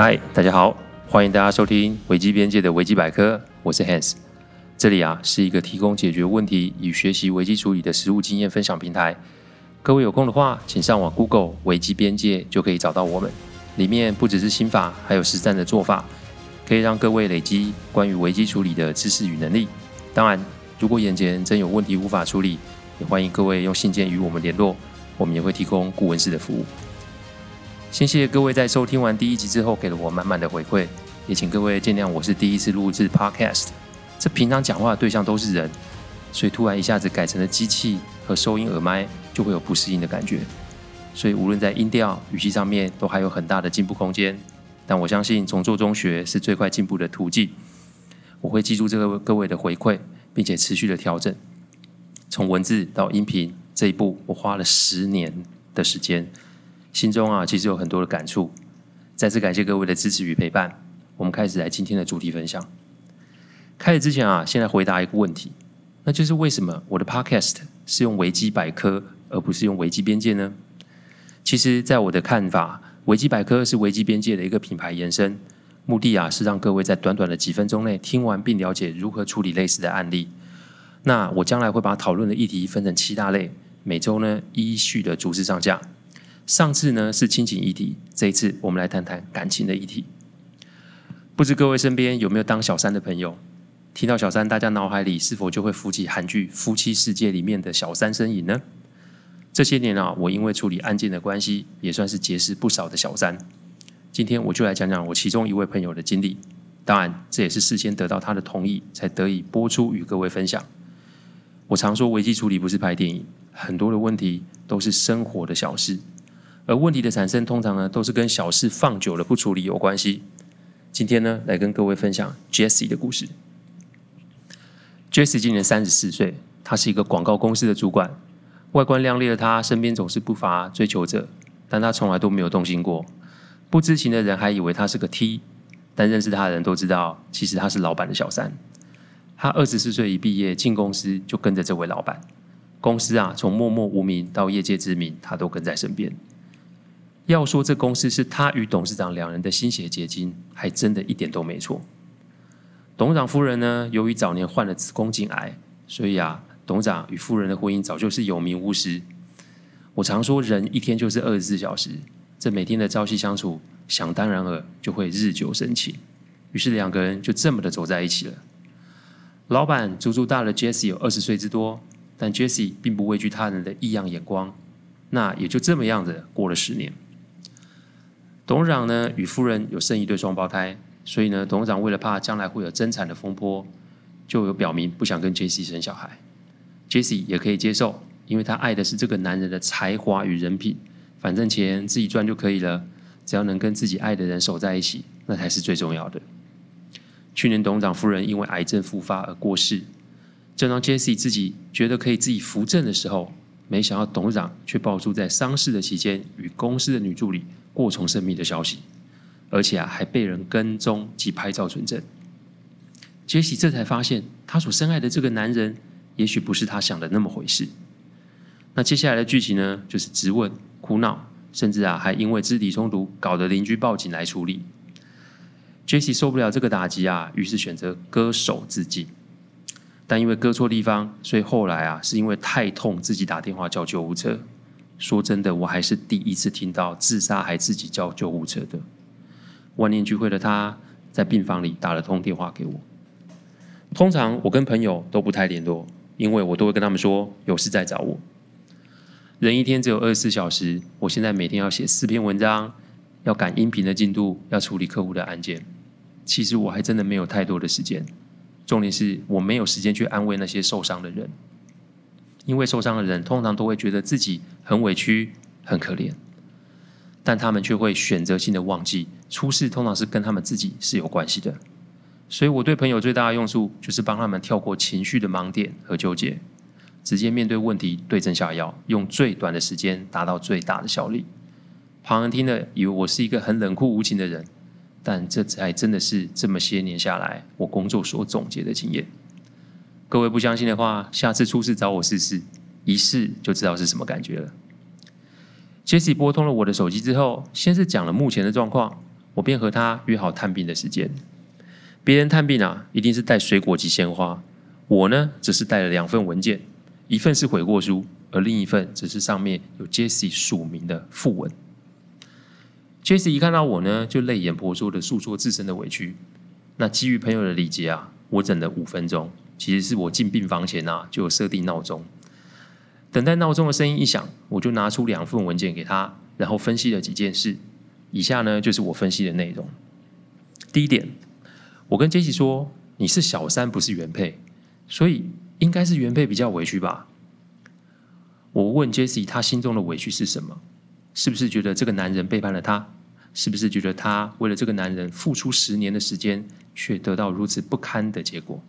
嗨，Hi, 大家好，歡迎大家收聽危機邊界的危機百科，我是 Hans，這裡啊是一個提供解決問題與學習危機處理的實務經驗分享平台。各位有空的話，請上網 Google 危機邊界就可以找到我們，裡面不只是心法，還有實戰的做法，可以讓各位累積關於危機處理的知識與能力。當然，如果眼前真有問題無法處理，也歡迎各位用信件與我們聯絡，我們也會提供顧問式的服務。先謝謝各位在收聽完第一集之後，給了我滿滿的回饋。也請各位見諒，我是第一次錄制 Podcast，這平常講話的對象都是人，所以突然一下子改成了機器和收音耳麥，就會有不適應的感覺。所以無論在音調、語氣上面，都還有很大的進步空間。但我相信，從做中學是最快進步的途徑。我會記住這個各位的回饋，並且持續的調整。從文字到音頻這一步，我花了十年的時間。心中啊，其實有很多的感觸。再次感謝各位的支持與陪伴。我們開始來今天的主題分享。開始之前啊，先來回答一個問題，那就是為什麼我的 Podcast 是用危機百科，而不是用危機邊界呢？其實，在我的看法，危機百科是危機邊界的一個品牌延伸，目的啊是讓各位在短短的幾分鐘內聽完並了解如何處理類似的案例。那我將來會把討論的議題分成七大類，每周呢依序的逐字上架。上次呢是親情議題，這一次我們來談談感情的議題。不知各位身邊有沒有當小三的朋友？聽到小三，大家腦海裡是否就會浮起韓劇《夫妻世界》裡面的小三身影呢？這些年啊，我因為處理案件的關係，也算是結識不少的小三。今天我就來講講我其中一位朋友的經歷。當然，這也是事先得到他的同意，才得以播出與各位分享。我常說，危機處理不是拍電影，很多的問題都是生活的小事。而問題的產生，通常呢都是跟小事放久了不處理有關係。今天呢，來跟各位分享 Jesse 的故事。Jesse 今年三十四歲，他是一個廣告公司的主管，外觀亮麗的他身邊總是不乏追求者，但他從來都沒有動心過。不知情的人還以為他是個 T，但認識他的人都知道，其實他是老板的小三。他二十四歲一畢業進公司，就跟着這位老板。公司啊，從默默無名到業界知名，他都跟在身邊。要說這公司是他與董事長兩人的心血結晶，還真的一點都沒錯。董事長夫人呢，由於早年患了子宮頸癌，所以啊，董事長與夫人的婚姻早就是有名無實。我常說，人一天就是二十四小時，這每天的朝夕相處，想當然耳就會日久生情，於是兩個人就這麼的走在一起了。老板足足大了 Jessie 有二十歲之多，但 Jessie 並不畏懼他人的異樣眼光，那也就這麼樣子過了十年。董事長呢，與夫人有生一對雙胞胎，所以呢，董事長為了怕將來會有爭產的風波，就有表明不想跟 Jesse 生小孩。Jesse 也可以接受，因為他愛的是這個男人的才華與人品，反正錢自己賺就可以了，只要能跟自己愛的人守在一起，那才是最重要的。去年董事長夫人因為癌症復發而過世，正當 Jesse 自己覺得可以自己扶正的時候，沒想到董事長卻爆出在喪事的期間與公司的女助理過從甚密的消息，而且啊，還被人跟蹤及拍照存證。杰西這才發現，他所深愛的這個男人，也許不是他想的那麼回事。那接下來的劇情呢，就是質問、哭鬧，甚至啊，還因為肢體衝突，搞得鄰居報警來處理。杰西受不了這個打擊啊，於是選擇割手自盡，但因為割錯地方，所以後來啊，是因為太痛，自己打電話叫救護車。說真的，我還是第一次聽到自殺還自己叫救護車的。萬念俱灰的他，在病房裡打了通電話給我。通常我跟朋友都不太聯絡，因為我都會跟他們說有事再找我。人一天只有二十四小時，我現在每天要寫四篇文章，要趕音頻的進度，要處理客戶的案件。其實我還真的沒有太多的時間，重點是我沒有時間去安慰那些受傷的人。因為受傷的人通常都會覺得自己很委屈、很可憐，但他們卻會選擇性的忘記，出事通常是跟他們自己是有關係的。所以我對朋友最大的用處就是幫他們跳過情緒的盲點和糾結，直接面對問題，對症下藥，用最短的時間達到最大的效力。旁人聽了以為我是一個很冷酷無情的人，但這才真的是這麼些年下來我工作所總結的經驗。各位不相信的話，下次出事找我試試，一試就知道是什麼感覺了。Jesse 撥通了我的手機之後，先是講了目前的狀況，我便和他約好探病的時間。別人探病啊，一定是帶水果及鮮花，我呢，只是帶了兩份文件，一份是悔過書，而另一份只是上面有 Jesse 署名的附文。Jesse 一看到我呢，就淚眼婆娑的訴說自身的委屈。那基於朋友的理解啊，我整了五分鐘。其實是我進病房前啊，就有設定鬧鐘，等待鬧鐘的聲音一響，我就拿出兩份文件給他，然後分析了幾件事。以下呢，就是我分析的內容。第一點，我跟杰西說：“你是小三，不是原配，所以應該是原配比較委屈吧？”我問杰西，他心中的委屈是什麼？是不是覺得這個男人背叛了他？是不是覺得他為了這個男人付出十年的時間，卻得到如此不堪的結果？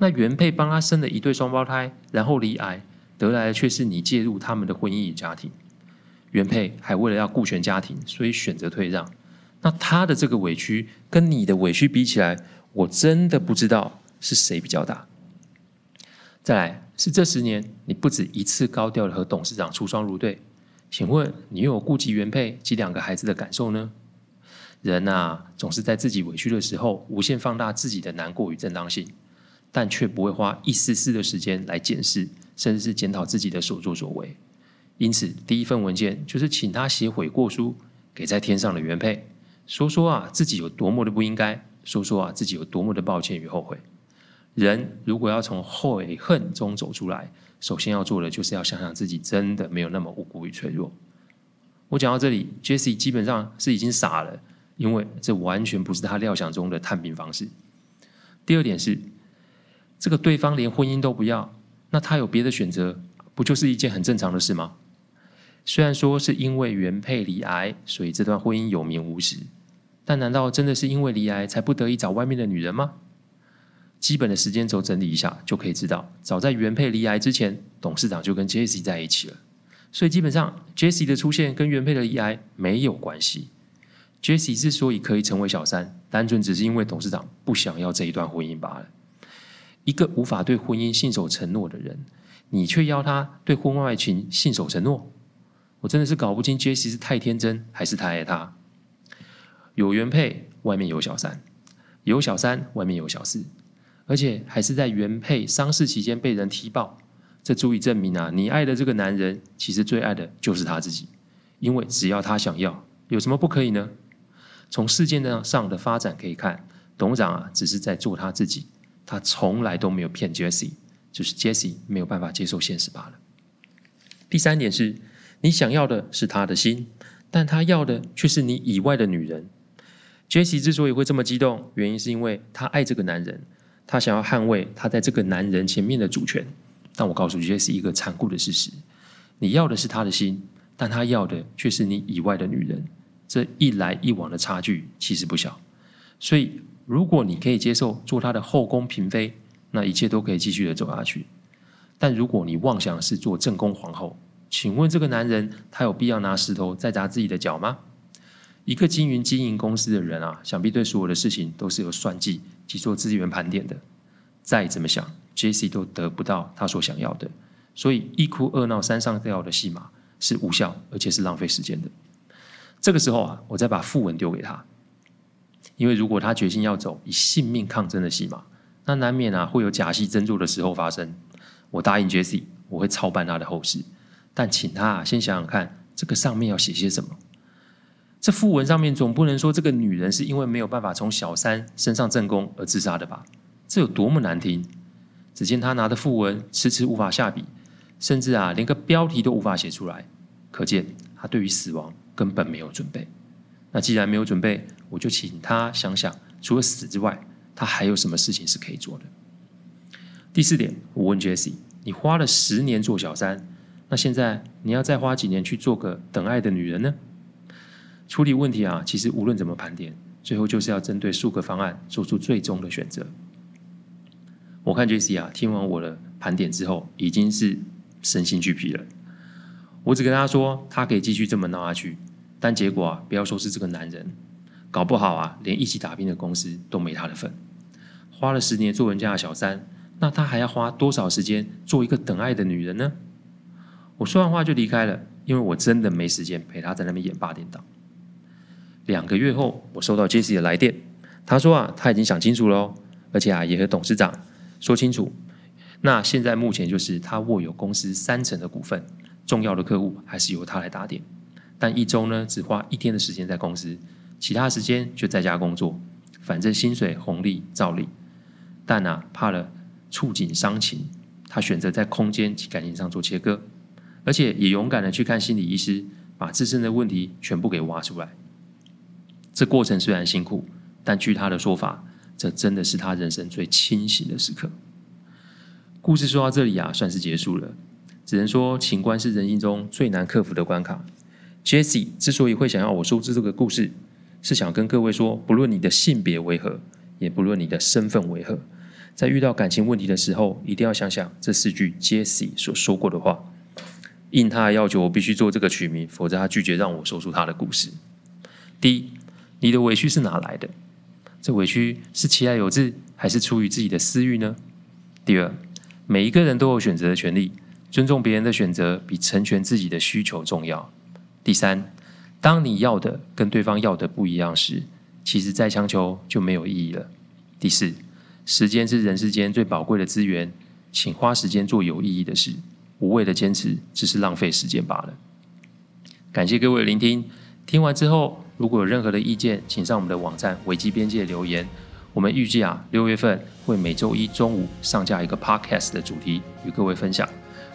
那原配幫他生了一對雙胞胎，然後離異，得來的卻是你介入他們的婚姻與家庭。原配還為了要顧全家庭，所以選擇退讓。那他的這個委屈跟你的委屈比起來，我真的不知道是誰比較大。再來是這十年，你不止一次高調的和董事長出雙入對，請問你有顧及原配及兩個孩子的感受呢？人吶、啊，總是在自己委屈的時候，無限放大自己的難過與正當性。但卻不會花一絲絲的時間來檢視，甚至是檢討自己的所作所為。因此，第一份文件就是請他寫悔過書給在天上的原配，說說啊自己有多麼的不應該，說說啊自己有多麼的抱歉與後悔。人如果要從悔恨中走出來，首先要做的就是要想想自己真的沒有那麼無辜與脆弱。我講到這裡，Jesse 基本上是已經傻了，因為這完全不是他料想中的探病方式。第二點是，.這個對方連婚姻都不要，那他有別的選擇，不就是一件很正常的事嗎？雖然說是因為原配罹癌，所以這段婚姻有名無實，但難道真的是因為罹癌才不得已找外面的女人嗎？基本的時間軸整理一下就可以知道，早在原配罹癌之前，董事長就跟 Jesse 在一起了，所以基本上 Jesse 的出現跟原配的罹癌沒有關係。Jesse 之所以可以成為小三，單純只是因為董事長不想要這一段婚姻罷了。一個無法對婚姻信守承諾的人，你卻要他對婚外情信守承諾，我真的是搞不清杰西是太天真還是太愛他。有原配，外面有小三，有小三，外面有小四，而且還是在原配喪事期間被人踢爆，這足以證明啊，你愛的這個男人其實最愛的就是他自己，因為只要他想要，有什麼不可以呢？從事件上的發展可以看，董事長啊，只是在做他自己。他從來都沒有騙 Jesse，就是 Jesse 沒有辦法接受現實罷了。第三點是你想要的是他的心，但他要的卻是你以外的女人。Jesse 之所以會這麼激動，原因是因為他愛這個男人，他想要捍衛他在這個男人前面的主權。但我告訴 Jesse 一個殘酷的事實：你要的是他的心，但他要的卻是你以外的女人。這一來一往的差距其實不小，所以。如果你可以接受做他的後宮嬪妃，那一切都可以繼續的走下去。但如果你妄想是做正宮皇後，請問這個男人他有必要拿石頭再砸自己的腳嗎？一個經營經營公司的人啊，想必對所有的事情都是有算計、及做資源盤點的。再怎麼想，JC 都得不到他所想要的。所以一哭二鬧三上吊的戲碼是無效，而且是浪費時間的。這個時候啊，我再把附文丟給他。因為如果他決心要走以性命抗爭的戲碼，那難免啊會有假戲真做的時候發生。我答應 Jesse，我會操辦他的後事，但請他、啊、先想想看，這個上面要寫些什麼。這訃文上面總不能說這個女人是因為沒有辦法從小三升上正宮而自殺的吧？這有多麼難聽！只見他拿着訃文，遲遲無法下筆，甚至啊連個標題都無法寫出來，可見他對於死亡根本沒有準備。那既然沒有準備，我就請他想想，除了死之外，他還有什麼事情是可以做的？第四點，我問 Jesse，你花了十年做小三，那現在你要再花幾年去做個等愛的女人呢？處理問題啊，其實無論怎麼盤點，最後就是要針對數個方案做出最終的選擇。我看 Jesse 啊，聽完我的盤點之後，已經是身心俱疲了。我只跟他說，他可以繼續這麼鬧下去。但結果啊，不要說是這個男人，搞不好啊，連一起打拼的公司都沒他的份。花了十年做人家的小三，那他還要花多少時間做一個等愛的女人呢？我說完話就離開了，因為我真的沒時間陪他在那邊演八點檔。兩個月後，我收到杰西的來電，他說啊，他已經想清楚了哦，而且啊，也和董事長說清楚。那現在目前就是他握有公司三成的股份，重要的客戶還是由他來打點。但一周呢，只花一天的時間在公司，其他時間就在家工作。反正薪水紅利照領，但哪怕了觸景傷情，他選擇在空間及感情上做切割，而且也勇敢的去看心理醫師，把自身的問題全部給挖出來。這過程雖然辛苦，但據他的說法，這真的是他人生最清醒的時刻。故事說到這裡啊，算是結束了。只能說，情關是人性中最難克服的關卡。Jesse 之所以會想要我說出這個故事，是想跟各位說，不論你的性別為何，也不論你的身份為何，在遇到感情問題的時候，一定要想想這四句 Jesse 所說過的話。應他的要求，我必須做這個取名，否則他拒絕讓我說出他的故事。第一，你的委屈是哪來的？這委屈是其來有自，還是出於自己的私欲呢？第二，每一個人都有選擇的權利，尊重別人的選擇比成全自己的需求重要。第三，當你要的跟對方要的不一樣時，其實再強求就沒有意義了。第四，時間是人世間最寶貴的資源，請花時間做有意義的事，無謂的堅持只是浪費時間罷了。感謝各位聆聽，聽完之後如果有任何的意見，請上我們的網站《危機邊界》留言。我們預計啊，六月份會每周一中午上架一個 Podcast 的主題與各位分享。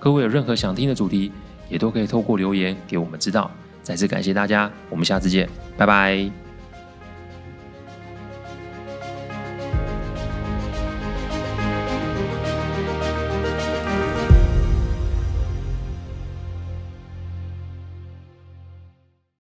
各位有任何想聽的主題，也都可以透過留言給我們知道。再次感謝大家，我們下次見，拜拜。